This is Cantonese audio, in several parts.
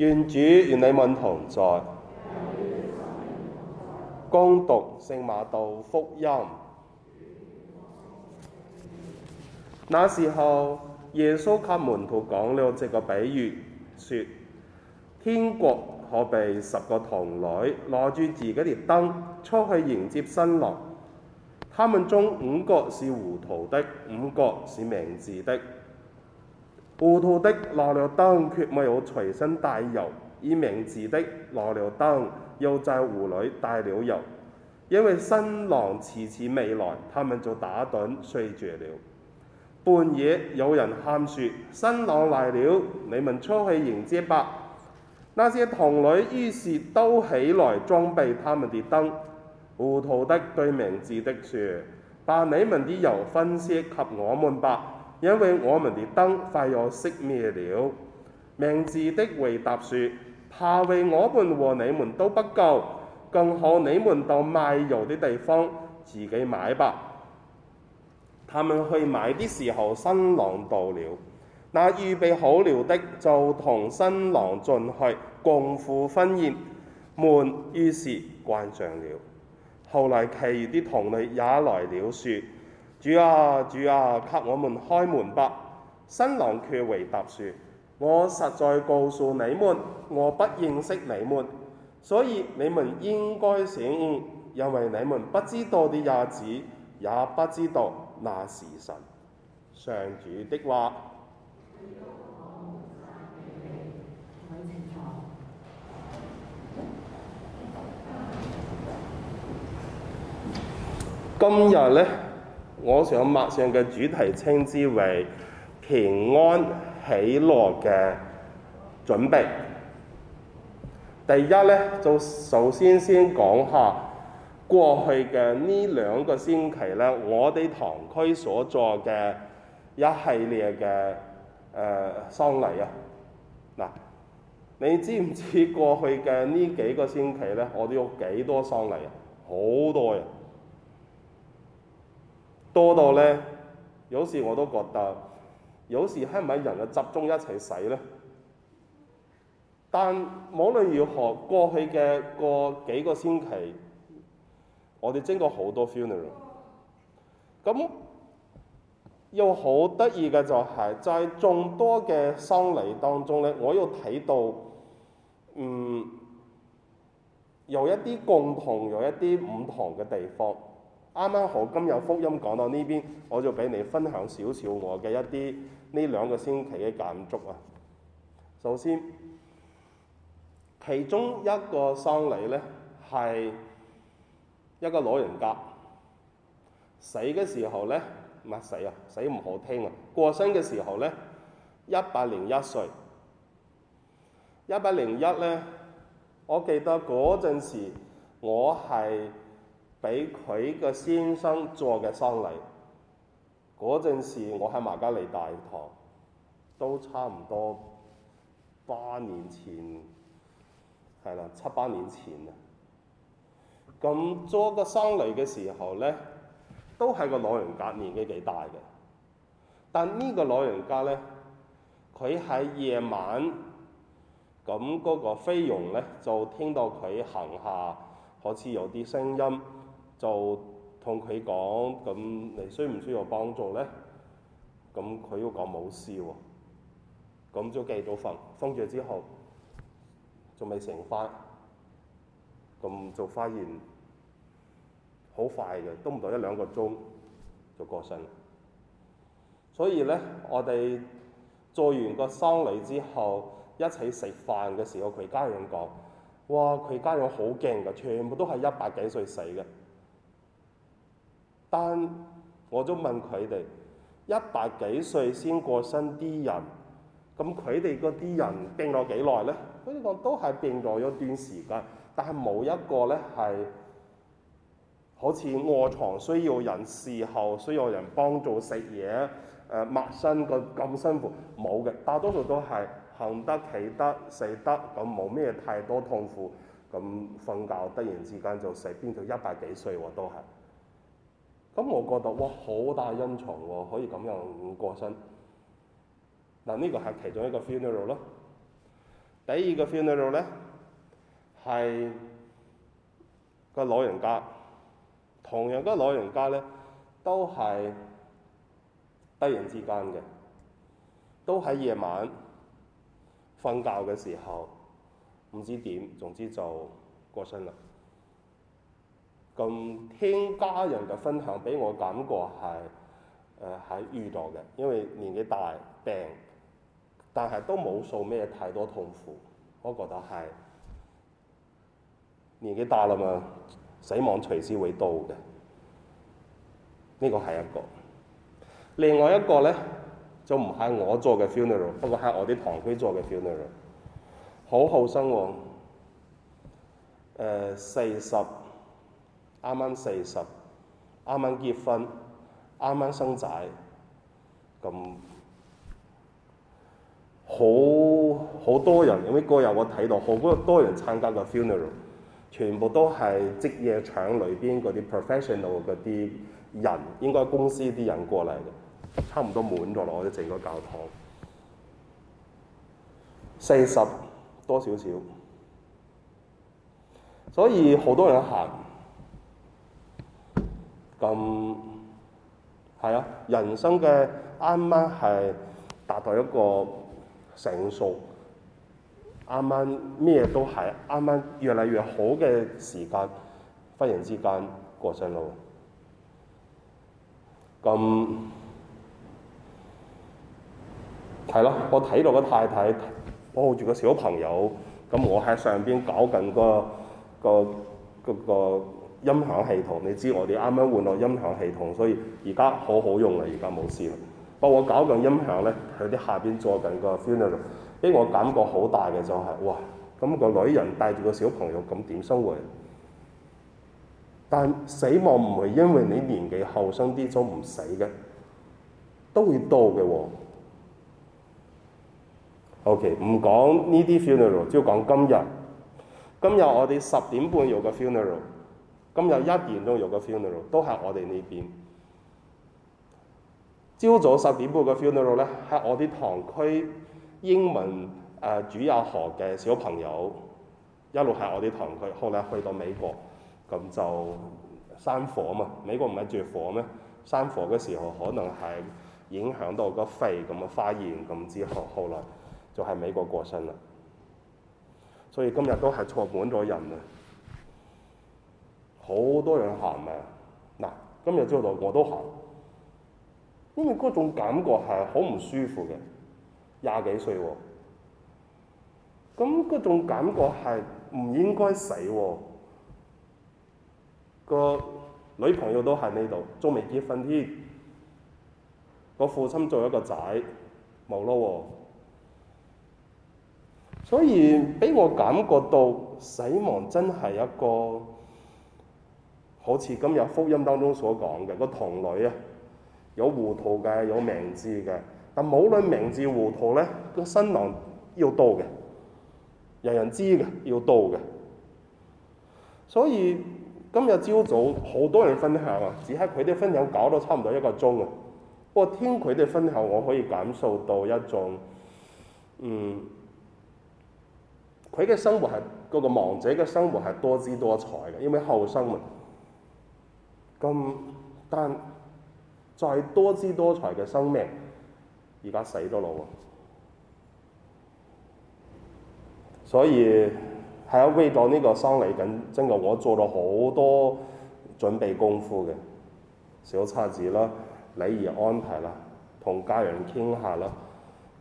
願主與你們同在。恭讀聖馬道福音。那時候，耶穌給門徒講了這個比喻，說：天國可被十個童女攞住自己嘅燈出去迎接新郎。他們中五個是糊塗的，五個是明智的。糊塗的拿了燈，卻沒有隨身帶油；而明智的拿了燈，又在壺裏帶了油。因為新郎遲遲未來，他們就打盹睡着了。半夜有人喊説：新郎來了，你們出去迎接吧。那些童女於是都起來裝備他們的燈。糊塗的對明智的説：把你們的油分些給我們吧。因為我們的燈快要熄滅了，明智的回答說：怕為我們和你們都不夠，更好你們到賣油的地方自己買吧。他們去買的時候，新郎到了，那預備好了的就同新郎進去共赴婚宴，門於是關上了。後來，其餘的童女也來了，說，主啊，主啊，給我們開門吧！新郎卻回答説：我實在告訴你們，我不認識你們，所以你們應該醒悟，因為你們不知道的日子，也不知道那時辰。上主的話。今日呢。」我想默上嘅主題稱之為平安喜樂嘅準備。第一咧，就首先先講下過去嘅呢兩個星期咧，我哋堂區所做嘅一系列嘅誒喪禮啊。嗱，你知唔知過去嘅呢幾個星期咧，我哋有幾多喪禮啊？好多人。多到呢，有時我都覺得，有時係咪人就集中一齊洗呢？但無論如何，過去嘅個幾個星期，我哋經過好多 funeral、um。咁又好得意嘅就係、係、在、就係、眾多嘅喪禮當中呢，我要睇到，嗯，有一啲共同，有一啲唔同嘅地方。啱啱好今日福音講到呢邊，我就俾你分享少少我嘅一啲呢兩個星期嘅感觸啊。首先，其中一個喪禮呢係一個老人家，死嘅時候呢，唔係死啊，死唔好聽啊。過身嘅時候呢，一百零一歲，一百零一呢，我記得嗰陣時我係。俾佢嘅先生做嘅喪禮，嗰陣時我喺瑪加利大堂，都差唔多八年前，係啦，七八年前啊。咁做個喪禮嘅時候咧，都係個老人家年紀幾大嘅，但呢個老人家咧，佢喺夜晚，咁嗰個菲傭咧就聽到佢行下，好似有啲聲音。就同佢講咁，你需唔需要幫助呢？咁佢要講冇事喎，咁就繼續瞓，瞓咗之後，仲未醒返，咁就發現好快嘅，都唔到一兩個鐘就過身。所以呢，我哋做完個喪禮之後，一齊食飯嘅時候，佢家人講：哇！佢家人好勁㗎，全部都係一百幾歲死嘅。但我都問佢哋，一百幾歲先過身啲人，咁佢哋嗰啲人病咗幾耐呢？佢哋講都係病咗一段時間，但係冇一個呢係好似臥床需要人侍候，需要人幫助食嘢、誒、呃、抹身咁辛苦，冇嘅。大多數都係行得、企得、死得，咁冇咩太多痛苦。咁瞓覺突然之間就死，邊度一百幾歲喎？都係。咁我覺得哇，好大恩寵喎，可以咁樣過身。嗱，呢個係其中一個 funeral 咯。第二個 funeral 呢，係個老人家，同樣嘅老人家呢，都係突然之間嘅，都喺夜晚瞓覺嘅時候，唔知點，總之就過身啦。咁聽家人嘅分享，俾我感覺係誒係預到嘅，因為年紀大病，但係都冇受咩太多痛苦，我覺得係年紀大啦嘛，死亡隨時會到嘅，呢個係一個。另外一個咧，就唔係我做嘅 funeral，不過係我啲堂區做嘅 funeral，好後生喎，誒四十。啱啱四十，啱啱結婚，啱啱生仔，咁好好多人。因為嗰日我睇到好多多人參加個 funeral，全部都係職業場裏邊嗰啲 professional 嗰啲人，應該公司啲人過嚟嘅，差唔多滿咗喇我哋整個教堂。四十多少少，所以好多人行。咁係啊！人生嘅啱啱係達到一個成熟，啱啱咩都係，啱啱越嚟越好嘅時間，忽然之間過上路。咁係咯，我睇到個太太抱住個小朋友，咁我喺上邊搞緊個個嗰個。個個個音響系統，你知我哋啱啱換咗音響系統，所以而家好好用啦。而家冇事啦，不過我搞緊音響咧，佢啲下邊坐緊個 funeral，俾我感覺好大嘅就係、是、哇，咁、那個女人帶住個小朋友咁點生活？但死亡唔係因為你年紀後生啲就唔死嘅，都會到嘅喎、哦。OK，唔講呢啲 funeral，只要講今日，今日我哋十點半有個 funeral。今日一點鐘有個 funeral，都係我哋呢邊。朝早十點半嘅 funeral 呢，喺我啲堂區英文誒、呃、主有學嘅小朋友一路係我啲堂區，後來去到美國，咁就山火嘛。美國唔係着火咩？山火嘅時候可能係影響到個肺咁啊，發炎，咁之後後來就係美國過身啦。所以今日都係坐滿咗人啊！好多人行嘅，嗱，今日朝早我都行，因為嗰種感覺係好唔舒服嘅，廿幾歲喎、哦，咁嗰種感覺係唔應該死喎、哦，個女朋友都喺呢度，仲未結婚添，個父親做一個仔冇咯，所以俾我感覺到死亡真係一個。好似今日福音當中所講嘅，嗰個童女啊，有糊塗嘅有明智嘅，但無論明智糊塗咧，嗰個新郎要到嘅，人人知嘅要到嘅。所以今日朝早好多人分享啊，只係佢哋分享搞到差唔多一個鐘啊。不過聽佢哋分享，我可以感受到一種嗯，佢嘅生活係嗰個亡者嘅生活係多姿多彩嘅，因為後生們。咁但再多姿多彩嘅生命，而家死咗咯喎！所以喺威到呢個生嚟緊，真係我做咗好多準備功夫嘅，小冊子啦、禮儀安排啦、同家人傾下啦。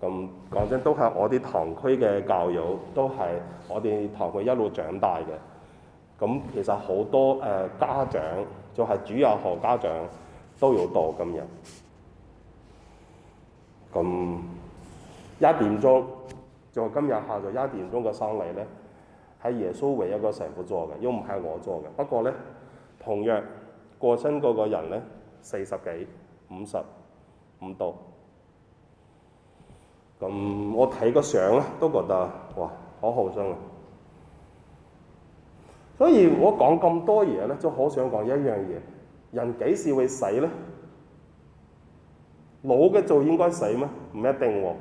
咁講真，都係我哋堂區嘅教友，都係我哋堂區一路長大嘅。咁其實好多誒家長。就係主有何家長都有到今日。咁、嗯、一點鐘，就今日下晝一點鐘嘅生禮咧，係耶穌唯一個神父做嘅，又唔係我做嘅。不過咧，同樣過身嗰個人咧，四十幾、五十五度。咁、嗯、我睇個相咧，都覺得哇，好後生啊！所以我講咁多嘢咧，就好想講一樣嘢：人幾時會死呢？老嘅就應該死咩？唔一定喎、啊。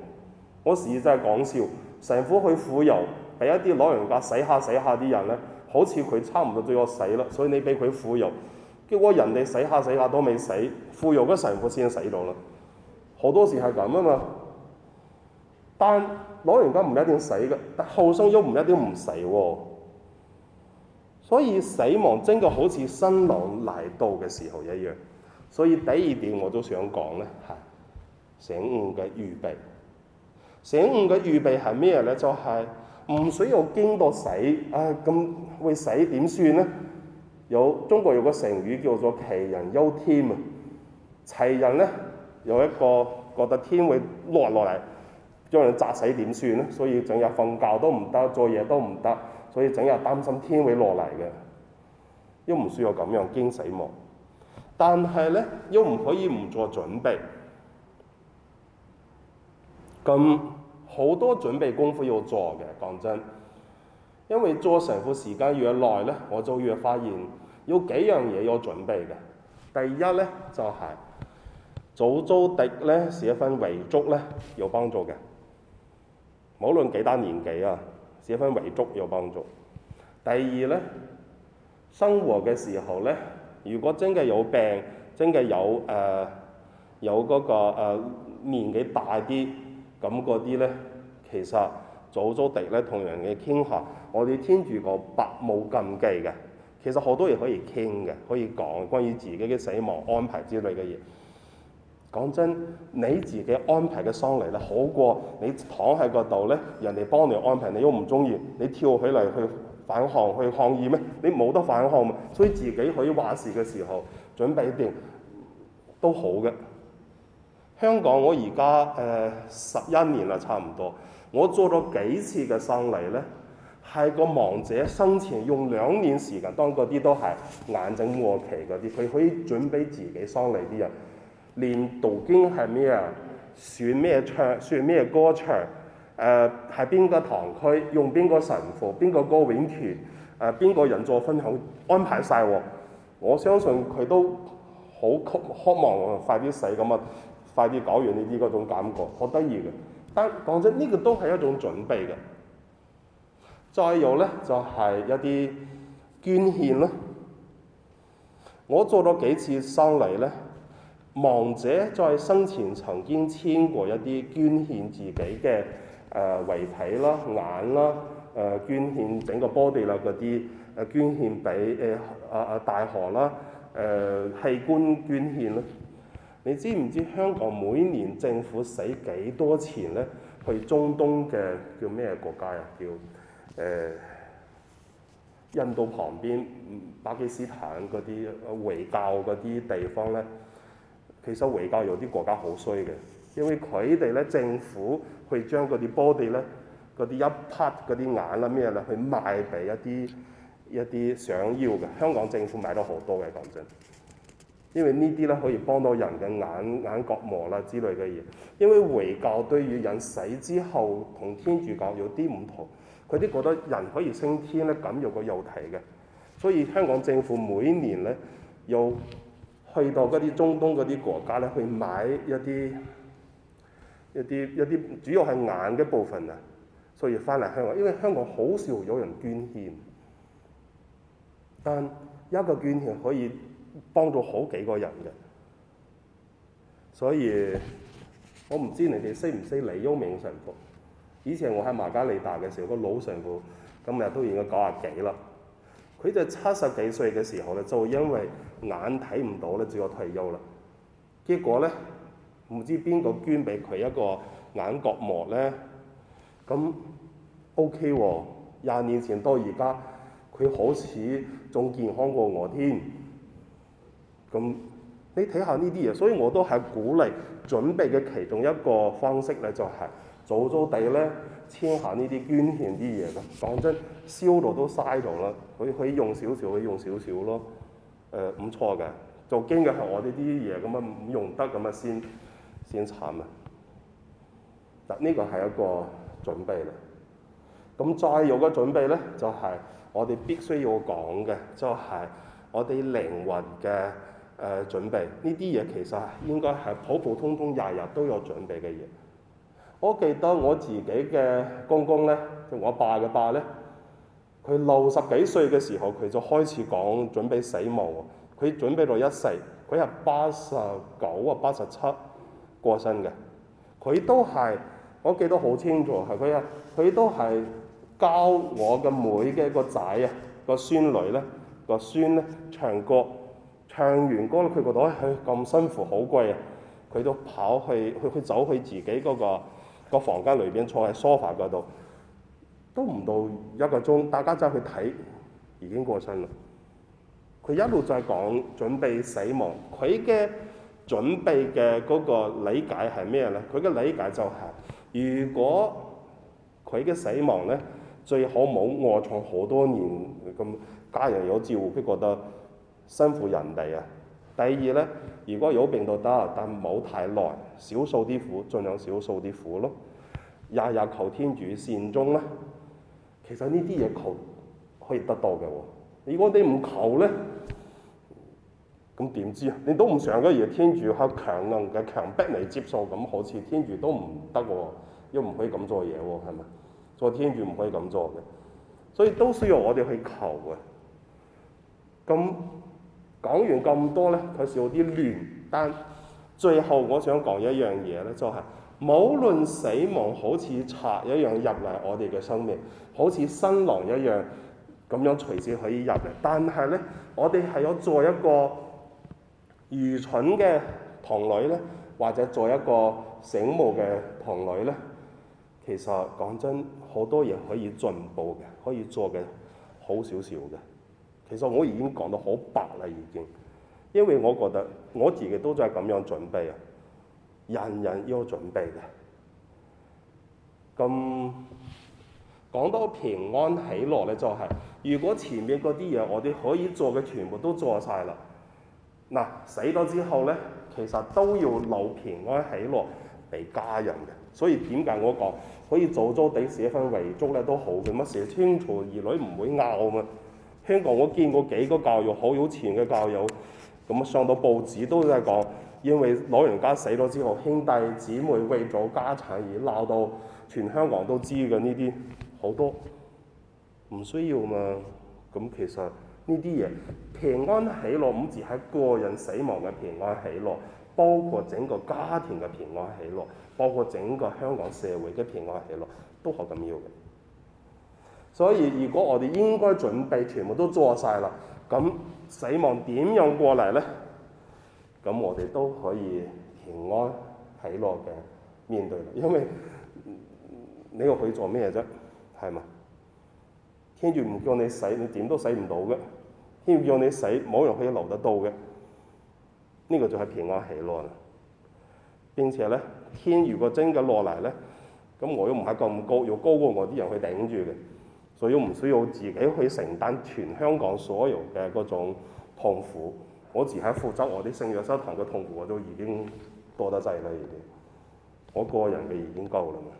嗰時就係講笑，神父去傅油，俾一啲老人家死下死下啲人呢，好似佢差唔多都要死啦。所以你俾佢傅油，結果人哋死下死下都未死，傅油嘅神父先死到啦。好多時係咁啊嘛。但老人家唔一定死嘅，但後生又唔一定唔死喎、啊。所以死亡真嘅好似新郎嚟到嘅時候一樣，所以第二點我都想講咧嚇，醒悟嘅預備。醒悟嘅預備係咩咧？就係、是、唔需要驚到死，唉、哎、咁會死點算咧？有中國有個成語叫做杞人憂天啊。杞人咧，有一個覺得天會落落嚟，將人砸死點算咧？所以整日瞓覺都唔得，做嘢都唔得。佢整日擔心天會落嚟嘅，又唔需要咁樣驚死亡，但係咧又唔可以唔做準備。咁好多準備功夫要做嘅，講真，因為做神父時間越耐咧，我就越發現有幾樣嘢要準備嘅。第一咧就係早做啲咧，寫一份遺囑咧有幫助嘅，無論幾大年紀啊。這份遺囑有幫助。第二呢，生活嘅時候呢，如果真嘅有病，真嘅有誒、呃、有嗰、嗰個、呃、年紀大啲，咁嗰啲呢，其實早早地呢，同人哋傾下，我哋天主教百無禁忌嘅，其實好多嘢可以傾嘅，可以講關於自己嘅死亡安排之類嘅嘢。講真，你自己安排嘅喪禮咧，好過你躺喺個度咧，人哋幫你安排，你都唔中意。你跳起嚟去反抗去抗議咩？你冇得反抗嘛。所以自己可以話事嘅時候，準備定都好嘅。香港我而家誒十一年啦，差唔多。我做咗幾次嘅喪禮咧，係個亡者生前用兩年時間，當嗰啲都係癌症末期嗰啲，佢可以準備自己喪禮啲人。練道經係咩啊？選咩唱？選咩歌唱？誒係邊個堂區？用邊個神父？邊個歌詠團？誒、呃、邊個人做分享安排晒喎！我相信佢都好渴渴望快啲死咁啊！快啲搞完呢啲嗰種感覺，好得意嘅。但講真，呢、呢個都係一種準備嘅。再有咧，就係、係、一啲捐獻啦。我做咗幾次喪禮咧。亡者在生前曾經簽過一啲捐獻自己嘅誒遺體啦、眼啦、誒、呃、捐獻整個 body 啦，嗰啲誒捐獻俾誒阿阿大學啦、誒、呃、器官捐獻啦。你知唔知香港每年政府使幾多錢咧？去中東嘅叫咩國家啊？叫誒、呃、印度旁邊巴基斯坦嗰啲回教嗰啲地方咧？其實回教有啲國家好衰嘅，因為佢哋咧政府去將嗰啲 body 咧、嗰啲一 part 嗰啲眼啦咩啦，去賣俾一啲一啲想要嘅。香港政府買咗好多嘅。講真，因為呢啲咧可以幫到人嘅眼眼角膜啦、啊、之類嘅嘢。因為回教對於人死之後同天主教有啲唔同，佢哋覺得人可以升天咧，咁有個肉體嘅，所以香港政府每年咧有。要去到嗰啲中東嗰啲國家咧，去買一啲一啲一啲主要係眼嘅部分啊，所以翻嚟香港，因為香港好少有人捐獻，但一個捐獻可以幫到好幾個人嘅，所以我唔知你哋識唔識李優明神父？以前我喺馬加利達嘅時候，個老神父今日都已經九廿幾啦，佢就七十幾歲嘅時候咧，就因為眼睇唔到咧，只有退休啦。結果咧，唔知邊個捐俾佢一個眼角膜咧，咁 OK 喎，廿年前到而家，佢好似仲健康過我添。咁你睇下呢啲嘢，所以我都係鼓勵準備嘅其中一個方式咧，就係早早地咧簽下呢啲捐獻啲嘢啦。講真，燒到都嘥咗啦，可以用少少，可以用少少咯。誒唔、呃、錯嘅，做經嘅係我哋啲嘢咁啊，唔用得咁啊先先慘啊！嗱，呢個係一個準備啦。咁再有個準備咧，就係、是、我哋必須要講嘅，就係、是、我哋靈魂嘅誒、呃、準備。呢啲嘢其實應該係普普通通日日都有準備嘅嘢。我記得我自己嘅公公咧，就我爸嘅爸咧。佢六十幾歲嘅時候，佢就開始講準備死亡。佢準備到一世，佢係八十九啊八十七過身嘅。佢都係我記得好清楚，係佢啊，佢都係教我嘅妹嘅個仔啊，個孫女咧，個孫咧唱歌，唱完歌佢覺得佢咁、哎、辛苦好貴啊，佢都跑去佢去走去自己嗰、嗰個房間裏邊坐喺 sofa 嗰度。都唔到一個鐘，大家走去睇，已經過身啦。佢一路在講準備死亡，佢嘅準備嘅嗰個理解係咩咧？佢嘅理解就係、是，如果佢嘅死亡咧，最好冇臥床好多年咁，家人有照佢覺得辛苦人哋啊。第二咧，如果有病都得，但冇太耐，少受啲苦，儘量少受啲苦咯。日日求天主善終啦。其實呢啲嘢求可以得到嘅。如果你唔求咧，咁點知啊？你都唔想嘅，而天主係強硬嘅強迫你接受，咁好似天主都唔得喎，又唔可以咁做嘢喎，係咪？做天主唔可以咁做嘅，所以都需要我哋去求嘅。咁講完咁多咧，佢少啲亂。但最後我想講一樣嘢咧，就係、是、無論死亡好似賊一樣入嚟我哋嘅生命。好似新郎一樣咁樣隨時可以入嚟。但係咧，我哋係有做一個愚蠢嘅童女咧，或者做一個醒目嘅童女咧，其實講真，好多嘢可以進步嘅，可以做嘅好少少嘅。其實我已經講到好白啦，已經，因為我覺得我自己都就係咁樣準備，人人要準備嘅，咁。講到平安喜樂咧，就是，就係如果前面嗰啲嘢我哋可以做嘅全部都做晒啦。嗱、呃，死咗之後咧，其實都要留平安喜樂俾家人嘅。所以點解我講可以早早地寫份遺囑咧都好嘅，乜事？天賜兒女唔會拗嘛。香港我見過幾個教友，好有錢嘅教友，咁上到報紙都係講，因為老人家死咗之後，兄弟姊妹為咗家產而鬧到。全香港都知嘅，呢啲好多唔需要嘛？咁其實呢啲嘢平安喜樂唔止喺個人死亡嘅平安喜樂，包括整個家庭嘅平安喜樂，包括整個香港社會嘅平安喜樂都好緊要嘅。所以如果我哋應該準備全部都做晒啦，咁死亡點樣過嚟呢？咁我哋都可以平安喜樂嘅面對，因為。你又可以做咩啫？係嘛？天主唔叫你死，你點都死唔到嘅。天叫你死，冇人可以留得到嘅。呢、這個就係平安喜樂咯。並且咧，天如果真嘅落嚟咧，咁我又唔係咁高，要高過我啲人去頂住嘅，所以我唔需要自己去承擔全香港所有嘅嗰種痛苦。我只係負責我啲聖約瑟堂嘅痛苦，我都已經多得滯啦。已經我個人嘅已經夠啦嘛。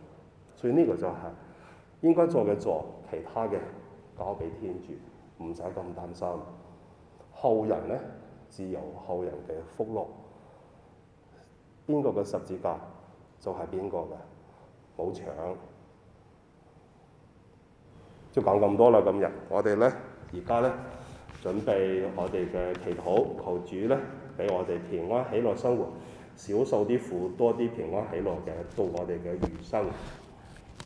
所以呢個就係應該做嘅做，其他嘅交俾天主，唔使咁擔心。後人咧，自有後人嘅福祿。邊個嘅十字架就係邊個嘅，冇搶。就係講咁多啦。今日我哋咧，而家咧，準備我哋嘅祈禱，求主咧，俾我哋平安喜樂生活，少受啲苦，多啲平安喜樂嘅到我哋嘅餘生。